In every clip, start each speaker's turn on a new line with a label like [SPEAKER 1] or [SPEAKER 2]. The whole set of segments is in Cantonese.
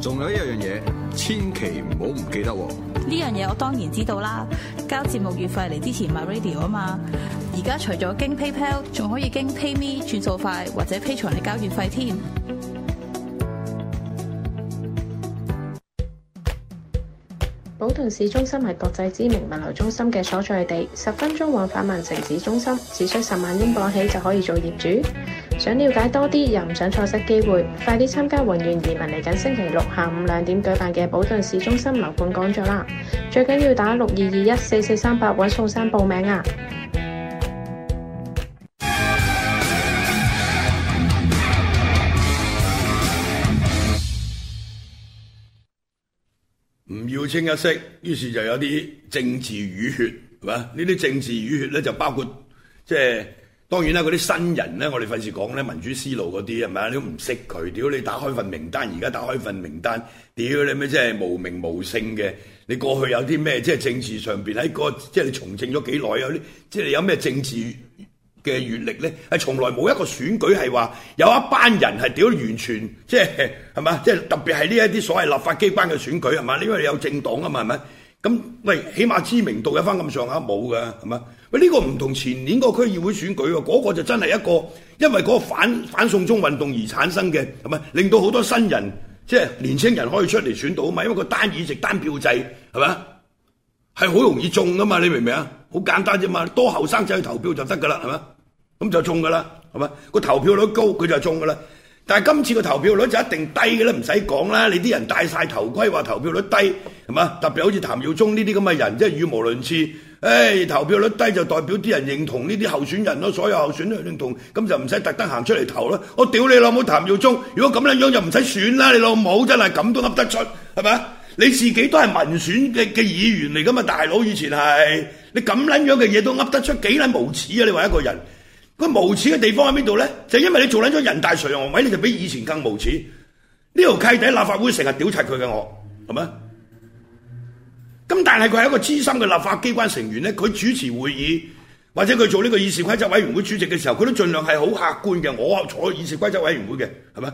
[SPEAKER 1] 仲有一樣嘢，千祈唔好唔記得喎！呢樣嘢我當然知道啦，交節目月費嚟支持 MyRadio 啊嘛！而家除咗經 PayPal，仲可以經 PayMe 轉數快，或者 Patreon 嚟交月費添。保頓市中心係國際知名物流中心嘅所在地，十分鐘往返曼城市中心，只需十萬英鎊起就可以做業主。想了解多啲又唔想錯失機會，快啲參加宏源移民嚟緊星期六下午兩點舉辦嘅保頓市中心樓盤講座啦！最緊要打六二二一四四三八揾宋生報名啊！唔要清一色，於是就有啲政治瘀血，係嘛？呢啲政治瘀血咧，就包括即係。就是當然啦，嗰啲新人咧，我哋費事講咧，民主思路嗰啲啊，係咪啊？你都唔識佢，屌你打開份名單，而家打開份名單，屌你咩？即係無名無姓嘅，你過去有啲咩？即係政治上面，喺個，即係你從政咗幾耐啊？啲即係你有咩政治嘅閲歷咧？係從來冇一個選舉係話有一班人係屌完全，即係係嘛？即係特別係呢一啲所謂立法機關嘅選舉係嘛？因為你有政黨啊嘛，係咪？咁喂，起碼知名度有翻咁上下冇噶係嘛？喂，呢個唔同前年個區議會選舉喎，嗰個就真係一個，因為嗰個反反送中運動而產生嘅，係咪令到好多新人即係年青人可以出嚟選到啊嘛？因為個單議席單票制係咪啊，係好容易中噶嘛？你明唔明啊？好簡單啫嘛，多後生仔去投票就得噶啦，係咪？咁就中噶啦，係咪？個投票率高佢就中噶啦。但係今次個投票率就一定低嘅啦，唔使講啦。你啲人戴晒頭盔話投票率低係咪？特別好似譚耀宗呢啲咁嘅人，真係語無倫次。誒、哎，投票率低就代表啲人認同呢啲候選人咯，所有候選人都認同，咁就唔使特登行出嚟投咯。我屌你老母譚耀宗，如果咁樣樣就唔使選啦，你老母真係咁都噏得出，係咪？你自己都係民選嘅嘅議員嚟噶嘛，大佬以前係你咁撚樣嘅嘢都噏得出，幾捻無恥啊？你話一個人，佢無恥嘅地方喺邊度咧？就是，因為你做捻咗人大常務委，你就比以前更無恥。呢條契底立法會成日屌柒佢嘅我，係咪？咁但係佢係一個資深嘅立法機關成員咧，佢主持會議或者佢做呢個議事規則委員會主席嘅時候，佢都盡量係好客觀嘅。我坐議事規則委員會嘅，係咪？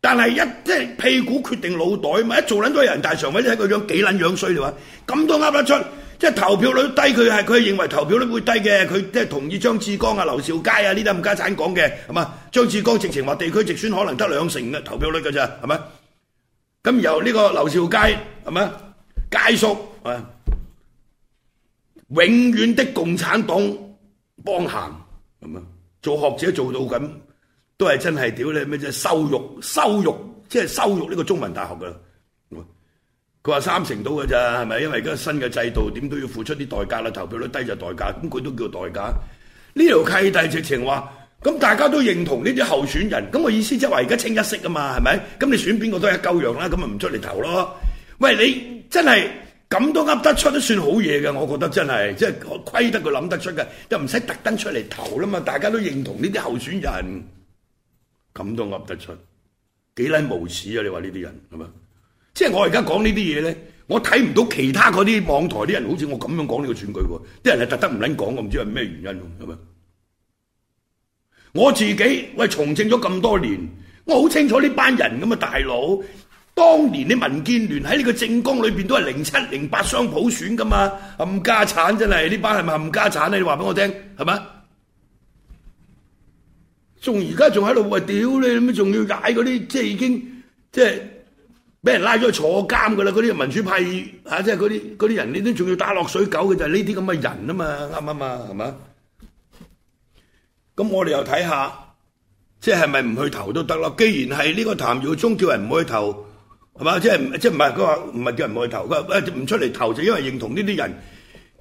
[SPEAKER 1] 但係一即屁股決定腦袋，咪一做撚都係人大常委，你睇佢樣幾撚樣衰，你話，咁都呃得出。即係投票率低，佢係佢認為投票率會低嘅，佢即同意張志剛啊、劉兆佳啊呢啲咁家產講嘅，係嘛？張志剛直情話地區直選可能得兩成嘅投票率㗎咋，係咪？咁由呢個劉兆佳係咪？佳叔啊，永遠的共產黨幫閒咁啊，做學者做到咁，都係真係屌你咩啫？羞辱羞辱，即係羞辱呢個中文大學噶。佢話三成到噶咋，係咪？因為而家新嘅制度，點都要付出啲代價啦。投票率低就代價，咁佢都叫代價。呢條契弟直情話，咁大家都認同呢啲候選人，咁我意思即係話而家清一色啊嘛，係咪？咁你選邊個都係一鳩樣啦，咁咪唔出嚟投咯。喂你。真係咁都噏得出都算好嘢嘅，我覺得真係即係虧得佢諗得出嘅，又唔使特登出嚟投啦嘛，大家都認同呢啲候選人，咁都噏得出，幾撚無恥啊！你話呢啲人係咪？即係我而家講呢啲嘢咧，我睇唔到其他嗰啲網台啲人好似我咁樣講呢個選舉喎，啲人係特登唔撚講，我唔知係咩原因喎，係咪？我自己喂從政咗咁多年，我好清楚呢班人咁啊大佬。當年啲民建聯喺呢個政綱裏邊都係零七零八雙普選噶嘛，冚家鏟真係呢班係咪冚家鏟咧？你話俾我聽，係咪？仲而家仲喺度話屌你咁樣，仲要嗌嗰啲即係已經即係俾人拉咗去坐監噶啦？嗰啲民主派啊，即係嗰啲嗰啲人，你都仲要打落水狗嘅，就係呢啲咁嘅人啊嘛，啱啊嘛，係嘛？咁我哋又睇下，即係係咪唔去投都得咯？既然係呢個譚耀宗叫人唔去投。係嘛？即係即係唔係？佢話唔係叫人唔去投，佢話唔出嚟，投就因為認同呢啲人。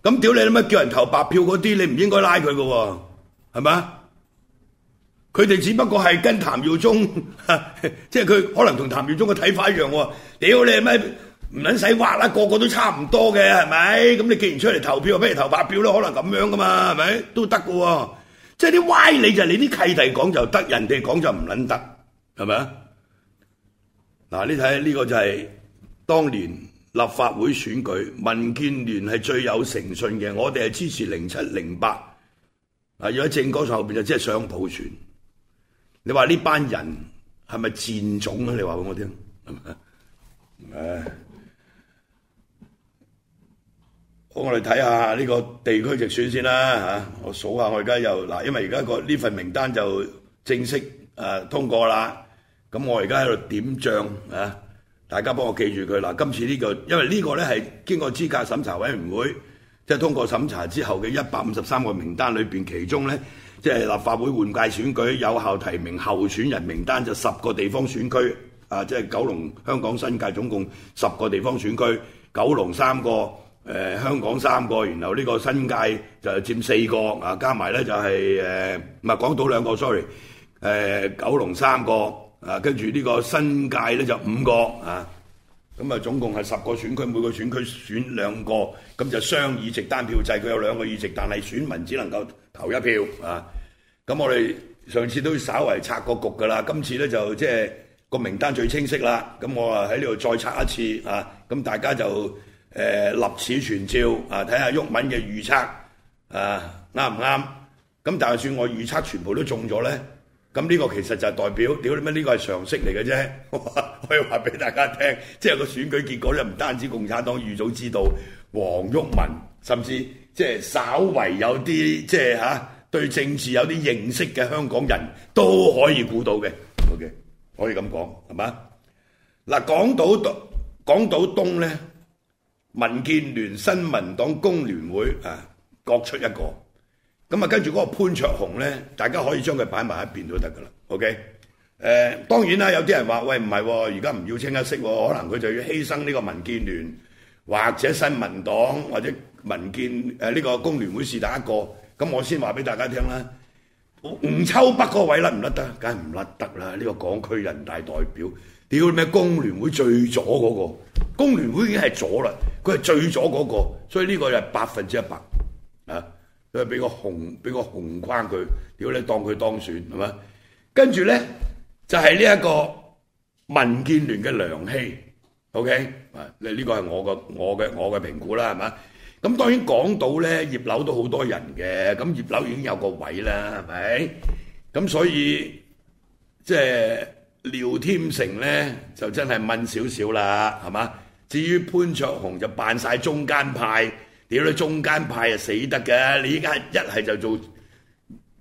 [SPEAKER 1] 咁屌你諗乜叫人投白票嗰啲？你唔應該拉佢噶，係嘛？佢哋只不過係跟譚耀宗， 即係佢可能同譚耀宗嘅睇法一樣。屌你咪唔撚使挖啦，個個都差唔多嘅，係咪？咁你既然出嚟投票，不如投白票啦，都可能咁樣噶嘛，係咪？都得噶喎。即係啲歪理就係你啲契弟講就得，人哋講就唔撚得，係咪啊？嗱，你睇呢、這個就係當年立法會選舉，民建聯係最有誠信嘅，我哋係支持零七零八。啊，要喺政綱上面就即係想保全。你話呢班人係咪賤種啊？你話俾我聽。好，我哋睇下呢個地區直選先啦嚇。我數下我而家又嗱，因為而家個呢份名單就正式通過啦。咁我而家喺度點賬啊！大家幫我記住佢嗱，今次呢個因為呢個咧係經過資格審查委員會，即係通過審查之後嘅一百五十三個名單裏邊，其中咧即係立法會換屆選舉有效提名候選人名單，就十個地方選區啊，即係九龍、香港新界總共十個地方選區，九龍三個，誒香港三個，然後呢個新界就係佔四個啊，加埋咧就係誒唔係講到兩個，sorry，誒九龍三個。啊，跟住呢個新界咧就五個啊，咁啊總共係十個選區，每個選區選兩個，咁就雙議席單票制，佢有兩個議席，但係選民只能夠投一票啊。咁我哋上次都稍為拆個局噶啦，今次咧就即係個名單最清晰啦。咁我啊喺呢度再拆一次啊，咁大家就誒、呃、立此存照啊，睇下毓民嘅預測啊啱唔啱？咁但係算我預測全部都中咗咧。咁呢個其實就係代表，屌你咩？呢個係常識嚟嘅啫，可以話俾大家聽。即係個選舉結果咧，唔單止共產黨預早知道，黃毓民，甚至即係稍為有啲即係嚇對政治有啲認識嘅香港人都可以估到嘅。OK，可以咁講，係嘛？嗱，港島東，港島東咧，民建聯、新民黨、工聯會啊，各出一個。咁啊，跟住嗰個潘卓雄呢，大家可以將佢擺埋一邊都得噶啦。OK，誒、呃，當然啦，有啲人話：喂，唔係喎，而家唔要清一色喎，可能佢就要犧牲呢個民建聯或者新民黨或者民建誒呢個工聯會是第一個。咁我先話俾大家聽啦，吳秋北嗰位甩唔甩得？梗係唔甩得啦！呢個港區人大代表，屌咩，工聯會最左嗰個，工聯會已經係左啦，佢係最左嗰個，所以呢個就係百分之一百。都係俾個紅俾個紅框佢，屌你當佢當選係嘛？跟住咧就係呢一個民建聯嘅梁熙，OK 啊？呢呢個係我個我嘅我嘅評估啦，係嘛？咁當然講到咧葉劉都好多人嘅，咁葉劉已經有個位啦，係咪？咁所以即係廖天成咧就真係問少少啦，係嘛？至於潘焯鴻就扮曬中間派。屌你，中間派啊死得嘅！你依家一係就做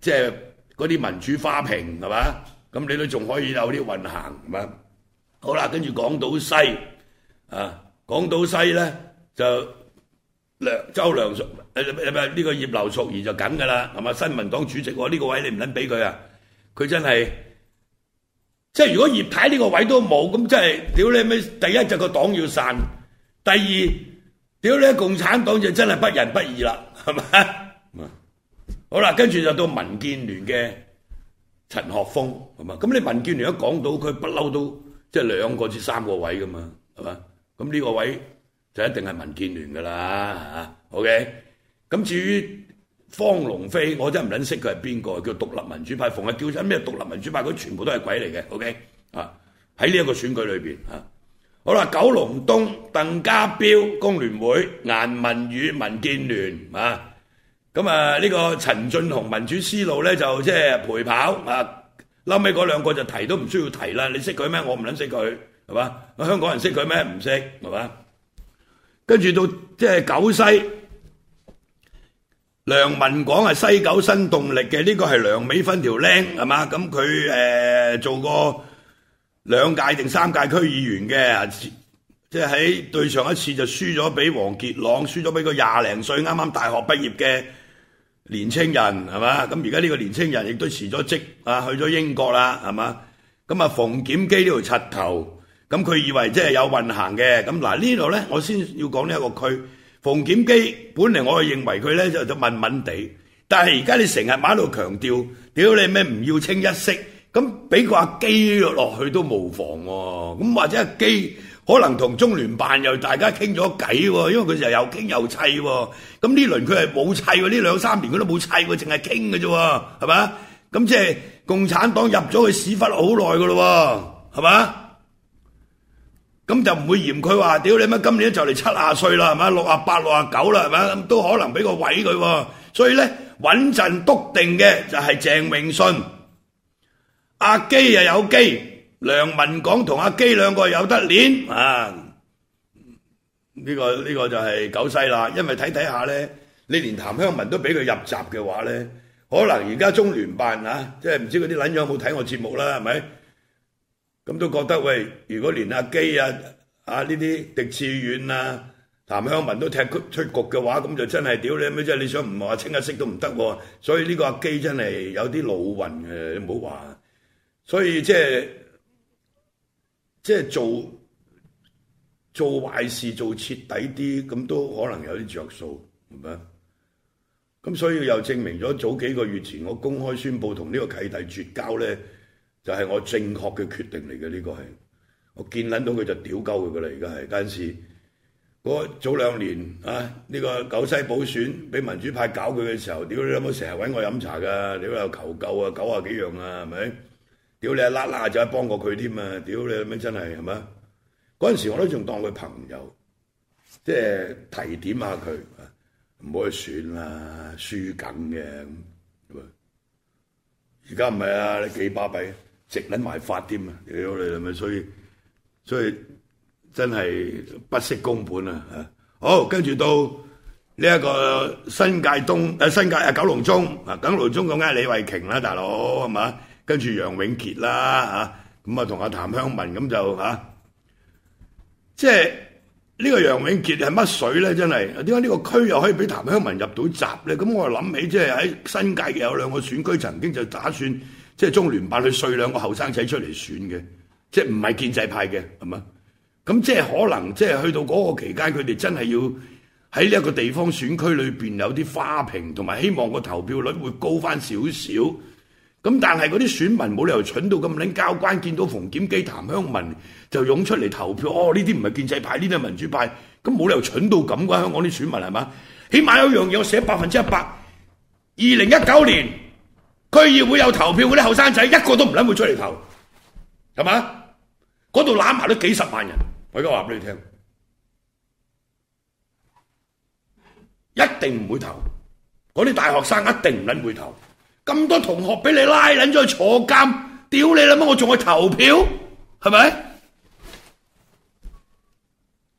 [SPEAKER 1] 即係嗰啲民主花瓶係嘛？咁你都仲可以有啲運行嘛？好啦，跟住港島西啊，港島西咧就梁周梁淑誒誒唔係呢個葉劉淑儀就梗㗎啦，係嘛？新民黨主席呢個位你唔撚俾佢啊！佢真係即係如果葉太呢個位都冇咁，即係屌你咪第一就個黨要散，第二。屌你，共產黨就真係不仁不義啦，係嘛？是吧好啦，跟住就到民建聯嘅陳學鋒，係嘛？咁你民建聯一講到佢不嬲都即係兩個至三個位噶嘛，係嘛？咁呢個位就一定係民建聯噶啦，啊，OK？咁至於方龍飛，我真係唔捻識佢係邊個，叫獨立民主派，逢係叫出咩獨立民主派，佢全部都係鬼嚟嘅，OK？啊，喺呢一個選舉裏邊啊。好啦，九龍東，鄧家彪工聯會，顏汶羽民建聯啊，咁啊呢個陳進雄民主思路咧就即係陪跑啊，後尾嗰兩個就提都唔需要提啦。你識佢咩？我唔捻識佢，係嘛？香港人識佢咩？唔識，係嘛？跟住到即係九西梁文廣，係西九新動力嘅，呢個係梁美芬條僆，係嘛？咁佢誒做過。兩屆定三屆區議員嘅，即係喺對上一次就輸咗俾黃傑朗，輸咗俾個廿零歲啱啱大學畢業嘅年青人，係嘛？咁而家呢個年青人亦都辭咗職啊，去咗英國啦，係嘛？咁啊，馮檢基呢條柒頭，咁佢以為即係有運行嘅。咁嗱呢度咧，我先要講呢一個區。馮檢基本嚟我係認為佢咧就就穩穩哋，但係而家你成日喺度強調，屌你咩唔要清一色。咁俾個阿基落去都無妨喎、啊，咁或者阿基可能同中聯辦又大家傾咗偈喎，因為佢就又傾又砌喎、啊。咁呢輪佢係冇砌喎，呢兩三年佢都冇砌喎，淨係傾嘅啫喎，係嘛？咁即係共產黨入咗去屎忽好耐㗎咯喎，係嘛？咁就唔會嫌佢話，屌你媽！今年就嚟七廿歲啦，係嘛？六廿八、六廿九啦，係嘛？都可能俾個位佢喎、啊。所以咧，穩陣篤定嘅就係鄭泳舜。阿基又有機，梁文港同阿基兩個有得練啊！呢個呢個就係九西啦，因為睇睇下咧，你連譚香文都俾佢入閘嘅話咧，可能而家中聯辦啊，即係唔知嗰啲捻樣冇睇我節目啦，係咪？咁都覺得喂，如果連阿基啊啊呢啲狄志遠啊、譚香文都踢出出局嘅話，咁就真係屌你咩啫！即係你想唔話清一色都唔得喎。所以呢個阿基真係有啲老運嘅，你唔好話。所以即係即係做做壞事做徹底啲，咁都可能有啲着數，係咪啊？咁所以又證明咗早幾個月前我公開宣布同呢個契弟絕交咧，就係我正確嘅決定嚟嘅。呢個係我見撚到佢就屌鳩佢噶啦，而家係嗰陣時，嗰早兩年啊，呢個九西補選俾民主派搞佢嘅時候，屌你有冇成日揾我飲茶噶？你話求救啊，九啊幾樣啊，係咪？屌你啦啦就幫過佢添啊！屌你咁樣真係係嘛？嗰陣時我都仲當佢朋友，即係提點下佢，唔好去選啦，輸緊嘅咁。而家唔係啊，你幾巴閉，直撚埋法添啊！屌你咁樣，所以所以，所以真係不惜公本啊！嚇，好，跟住到呢一個新界東誒新界啊九龍中啊九龍中咁梗係李慧瓊啦，大佬係嘛？跟住楊永傑啦嚇，咁啊同阿、啊啊、譚香文咁就嚇，即係呢、這個楊永傑係乜水呢？真係點解呢個區又可以俾譚香文入到閘呢？咁、啊、我諗起即係喺新界嘅有兩個選區曾經就打算即係中聯辦去稅兩個後生仔出嚟選嘅，即係唔係建制派嘅係嘛？咁即係可能即係去到嗰個期間，佢哋真係要喺呢一個地方選區裏邊有啲花瓶，同埋希望個投票率會高翻少少。咁但係嗰啲選民冇理由蠢到咁撚交關，見到馮檢基、譚香文就湧出嚟投票。哦，呢啲唔係建制派，呢啲係民主派。咁冇理由蠢到咁啩，香港啲選民係嘛？起碼有一樣嘢，我寫百分之一百。二零一九年區議會有投票嗰啲後生仔，一個都唔撚會出嚟投，係嘛？嗰度攬埋都幾十萬人，我而家話俾你聽，一定唔會投。嗰啲大學生一定唔撚會投。咁多同學俾你拉捻咗去坐監，屌你啦！乜我仲去投票，係咪？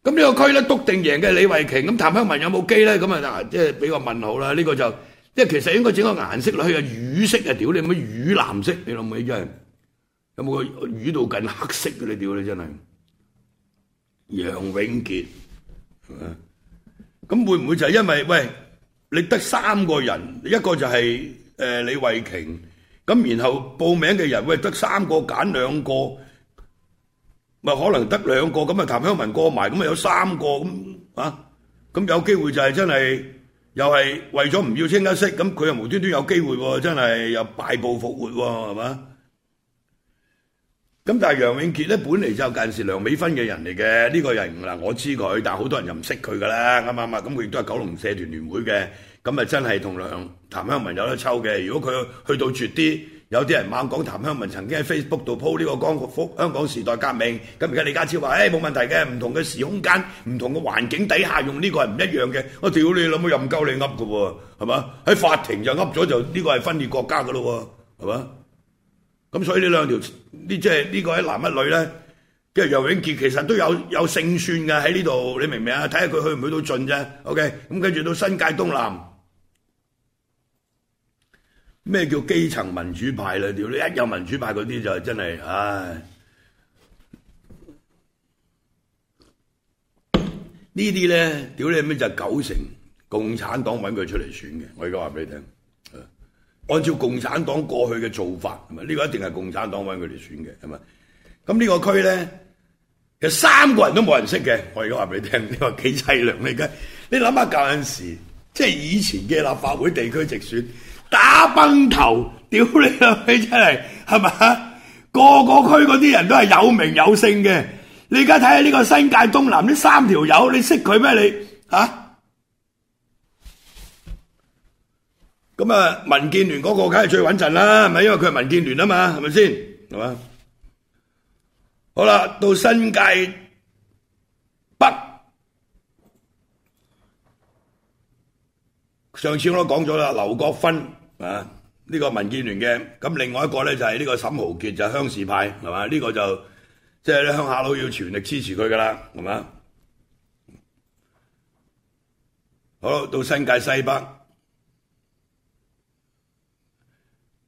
[SPEAKER 1] 咁呢個區咧篤定贏嘅李慧瓊，咁譚香文有冇機咧？咁啊，即係俾個問號啦。呢個就即係其實應該整個顏色落去啊，瘀色啊，屌你乜瘀藍色？你諗佢真係有冇個瘀到近黑色嘅咧？屌你真係楊永杰，咁會唔會就係因為喂你得三個人，一個就係。誒李慧瓊，咁然後報名嘅人會得三個揀兩個，咪可能得兩個咁啊？譚香文過埋咁啊有三個咁啊，咁有機會就係真係又係為咗唔要清一色，咁佢又無端端有機會喎，真係又敗部復活喎，係嘛？咁但係楊永傑咧本嚟就近時梁美芬嘅人嚟嘅，呢個人嗱，我知佢，但係好多人又唔識佢㗎啦，啱唔啱啊？咁佢亦都係九龍社團聯會嘅。咁咪真係同梁、譚香文有得抽嘅。如果佢去到絕啲，有啲人猛講譚香文曾經喺 Facebook 度 po 呢個《光復香港時代革命》，咁而家李家超話，誒、哎、冇問題嘅，唔同嘅時空間，唔同嘅環境底下用呢個係唔一樣嘅。我、啊、屌你老母又唔夠你噏㗎喎，係嘛？喺法庭就噏咗就呢個係分裂國家㗎咯喎，係嘛？咁所以呢兩條，呢即係呢個一男一女咧，跟住楊永傑其實都有有勝算㗎喺呢度，你明唔明啊？睇下佢去唔去到盡啫。OK，咁跟住到新界東南。咩叫基層民主派啦？屌你！一有民主派嗰啲就真係，唉！呢啲咧，屌你咩就九成共產黨揾佢出嚟選嘅。我而家話俾你聽，按照共產黨過去嘅做法，係咪？呢個一定係共產黨揾佢哋嚟選嘅，係咪？咁呢個區咧，其實三個人都冇人識嘅。我而家話俾你聽，你話幾淒涼嚟嘅。你諗下舊陣時，即係以前嘅立法會地區直選。打崩頭，屌你老味真係，係嘛？個個區嗰啲人都係有名有姓嘅。你而家睇下呢個新界東南呢三條友，你識佢咩？你吓？咁啊，民建聯嗰個梗係最穩陣啦，係咪？因為佢係民建聯啊嘛，係咪先？係嘛？好啦，到新界北，上次我都講咗啦，劉國芬。啊！呢個民建聯嘅，咁另外一個咧就係呢個沈豪傑就鄉事派，係嘛？呢個就即係咧鄉下佬要全力支持佢㗎喇，係嘛？好到新界西北，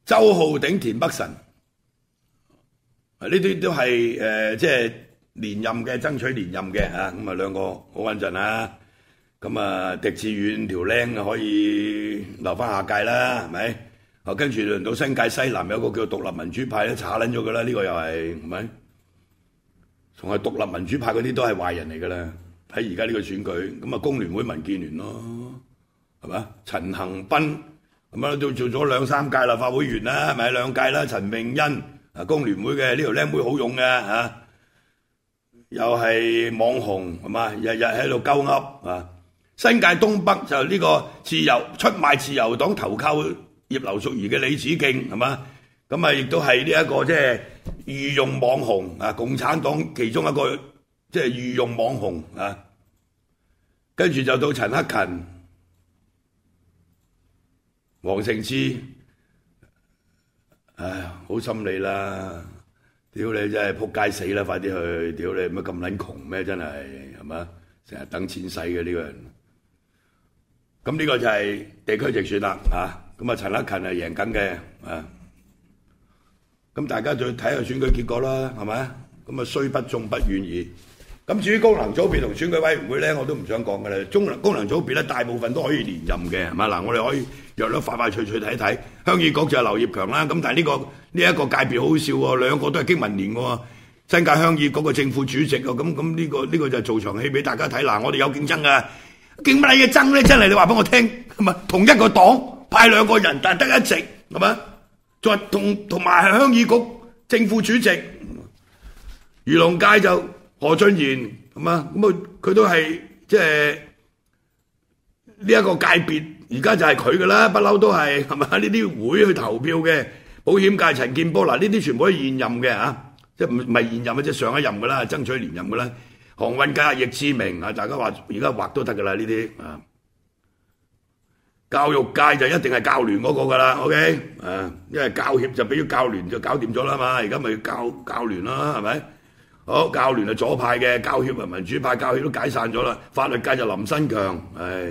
[SPEAKER 1] 周浩鼎、田北辰啊！呢啲都係誒，即係連任嘅，爭取連任嘅啊！咁啊，兩個好穩陣啊！咁啊，狄志遠條僆可以留翻下屆啦，係咪？啊，跟住輪到新界西南有個叫獨立民主派咧，炒撚咗㗎啦，呢個又係，係咪？仲係獨立民主派嗰啲都係壞人嚟㗎啦。喺而家呢個選舉，咁啊，工聯會民建聯咯，係嘛？陳恒斌咁啊，都做咗兩三屆立法會議員啦，係咪兩屆啦？陳穎欣啊，工聯會嘅呢條僆妹好用嘅嚇，又係網紅係嘛，日日喺度鳩噏啊！新界東北就，呢個自由出賣自由黨投靠葉劉淑儀嘅李梓敬係嘛？咁啊，亦都係呢一個即係御用網紅啊！共產黨其中一個即係御用網紅啊！跟住就到陳克勤、黃成智，唉，好心你啦！屌你真係撲街死啦！快啲去屌你乜咁撚窮咩？真係係嘛？成日等錢使嘅呢個人。咁呢個就係地區直選啦，嚇！咁啊，陳克勤係贏緊嘅，啊！咁大家再睇下選舉結果啦，係咪？咁啊，雖不中不遠矣。咁至於功能組別同選舉委員會咧，我都唔想講嘅啦。中功能組別咧，別大部分都可以連任嘅，係咪？嗱，我哋可以約率快快脆脆睇睇。鄉議局就係劉業強啦，咁但係呢、呢個呢一、呢個界別好笑喎，兩個都係經民聯喎。新界鄉議局嘅正副主席喎，咁咁呢個呢、呢個就係做場戲俾大家睇。嗱，我哋有競爭㗎。驚乜嘢爭咧？真係你話俾我聽，唔係同一個黨派兩個人，但係得一席，係咪？再同同埋係鄉議局正副主席，漁農界就何俊賢，係嘛？咁啊，佢都係即係呢一個界別，而家就係佢噶啦，不嬲都係，係嘛？呢啲會去投票嘅，保險界陳健波。嗱，呢啲全部都現任嘅啊，即係唔係現任嘅，即係上一任噶啦，爭取連任噶啦。航運界易志明啊，大家話而家畫都得噶啦呢啲啊。教育界就一定係教聯嗰個噶啦，OK 啊，因為教協就俾咗教聯就搞掂咗啦嘛，而家咪教教聯啦，係咪？好，教聯係左派嘅，教協係民主派，教協都解散咗啦。法律界就林新強，唉，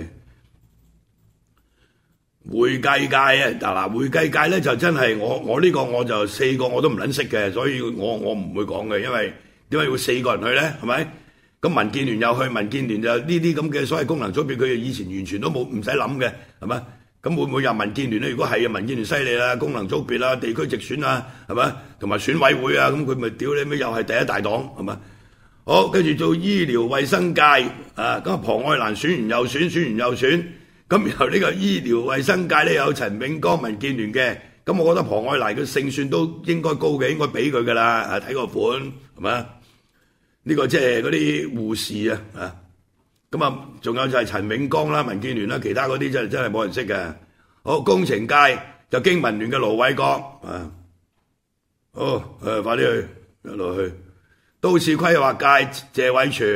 [SPEAKER 1] 會計界啊嗱，會計界咧就真係我我呢個我就四個我都唔捻識嘅，所以我我唔會講嘅，因為點解要四個人去咧？係咪？咁民建聯又去，民建聯就呢啲咁嘅所謂功能組別，佢以前完全都冇，唔使諗嘅，係嘛？咁會唔會又民建聯咧？如果係啊，民建聯犀利啦，功能組別啦，地區直選啊，係嘛？同埋選委會啊，咁佢咪屌你咩？又係第一大黨，係嘛？好，跟住做醫療衞生界啊，咁啊，龐愛蘭選完又選，選完又選，咁然後呢個醫療衞生界咧，有陳永光，民建聯嘅，咁我覺得龐愛蘭嘅勝算都應該高嘅，應該俾佢㗎啦，啊，睇個款係嘛？呢個即係嗰啲護士啊，啊，咁啊，仲有就係陳永光啦、民建聯啦，其他嗰啲真係真係冇人識嘅。好，工程界就經民聯嘅盧偉國，啊，好，誒，快啲去，一路去。都市規劃界謝偉全，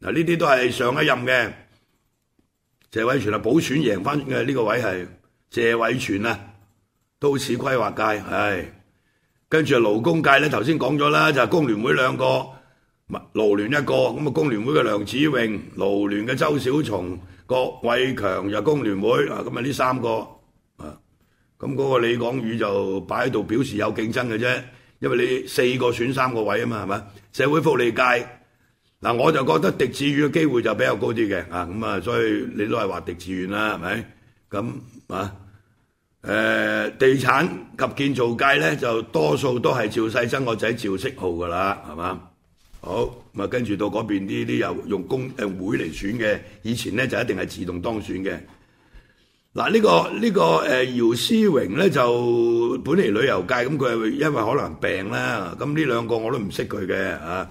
[SPEAKER 1] 嗱呢啲都係上一任嘅，謝偉全啊補選贏翻嘅呢個位係謝偉全啊，都市規劃界，唉，跟住勞工界咧，頭先講咗啦，就係工聯會兩個。勞聯一個咁啊，工聯會嘅梁子穎，勞聯嘅周小松、郭偉強入工聯會啊，咁啊呢三個啊，咁、那、嗰個李廣宇就擺喺度表示有競爭嘅啫，因為你四個選三個位啊嘛，係嘛？社會福利界嗱、啊，我就覺得狄志遠嘅機會就比較高啲嘅啊，咁啊，所以你都係話狄志遠啦，係咪？咁啊，誒、啊，地產及建造界咧就多數都係趙世曾個仔趙式浩噶啦，係嘛？好，咪跟住到嗰邊啲啲又用公誒會嚟選嘅，以前咧就一定係自動當選嘅。嗱、啊，呢、這個呢、這個誒、啊、姚思榮咧就本嚟旅遊界，咁佢係因為可能病啦，咁呢兩個我都唔識佢嘅嚇。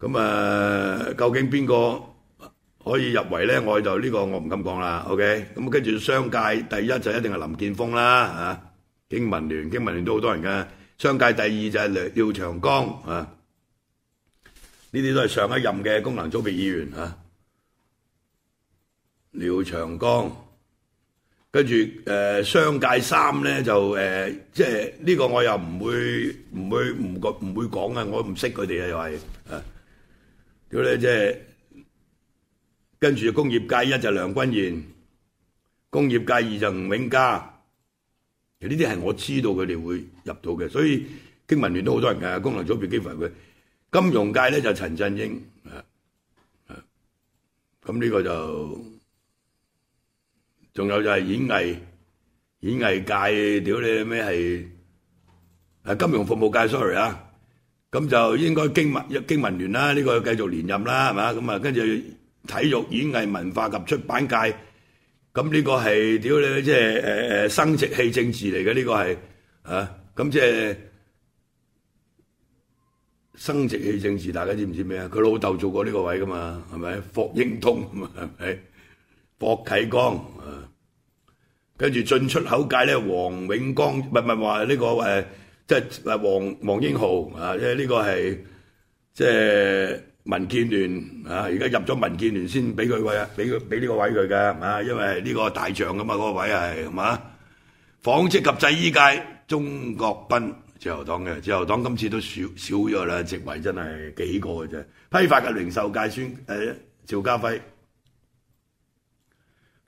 [SPEAKER 1] 咁啊，究竟邊個可以入圍咧？我就呢個我唔敢講啦。OK，咁跟住商界第一就一定係林健鋒啦嚇，經、啊、民聯，經民聯都好多人㗎。商界第二就係廖長江啊。呢啲都係上一任嘅功能組別議員嚇，廖長江，跟住誒商界三咧就誒，即係呢個我又唔會唔會唔講唔會講嘅，我唔識佢哋啊又係，叫咧即係跟住工業界一就梁君彥，工業界二就吳永嘉，其實呢啲係我知道佢哋會入到嘅，所以經民聯都好多人嘅功能組別幾乎係佢。金融界咧就陳振英，啊啊，咁呢個就，仲有就係演藝演藝界屌你咩係，啊金融服務界 sorry 啊，咁就應該經文經文聯啦，呢個繼續連任啦係嘛？咁啊跟住體育演藝文化及出版界，咁呢個係屌你即係誒誒生殖器政治嚟嘅呢個係，啊咁即係。生殖器政治，大家知唔知咩啊？佢老豆做過呢個位噶嘛，係咪？霍英東，係咪？霍啟剛，跟、啊、住進出口界咧，黃永光，唔係唔係話呢個誒，即係誒黃黃英豪啊，即係呢個係即係民建聯啊，而家入咗民建聯先俾佢位啊，俾佢俾呢個位佢㗎，係、啊、嘛？因為呢個大將噶嘛，嗰、那個位係係嘛？紡、啊、織及製衣界，鍾國斌。自由黨嘅自由黨今次都少少咗啦，職位真係幾個嘅啫。批發嘅零售界選，誒，趙家輝，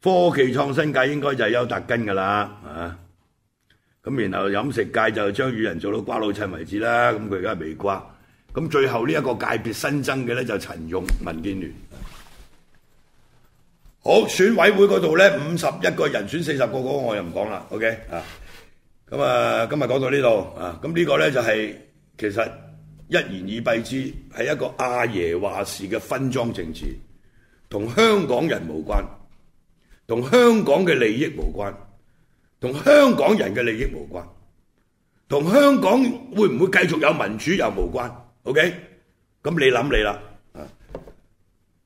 [SPEAKER 1] 科技創新界應該就係邱達根噶啦啊。咁然後飲食界就將宇人做到瓜老襯為止啦。咁佢而家未瓜。咁最後呢一個界別新增嘅咧就陳勇，民建聯。好，選委會嗰度咧五十一個人選四十個，嗰個我又唔講啦。OK 啊。咁啊，今日講到呢度啊，咁呢個咧就係其實一言以蔽之，係一個阿爺話事嘅分贓政治，同香港人無關，同香港嘅利益無關，同香港人嘅利益無關，同香港會唔會繼續有民主又無關。OK，咁你諗你啦，啊，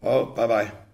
[SPEAKER 1] 好，拜拜。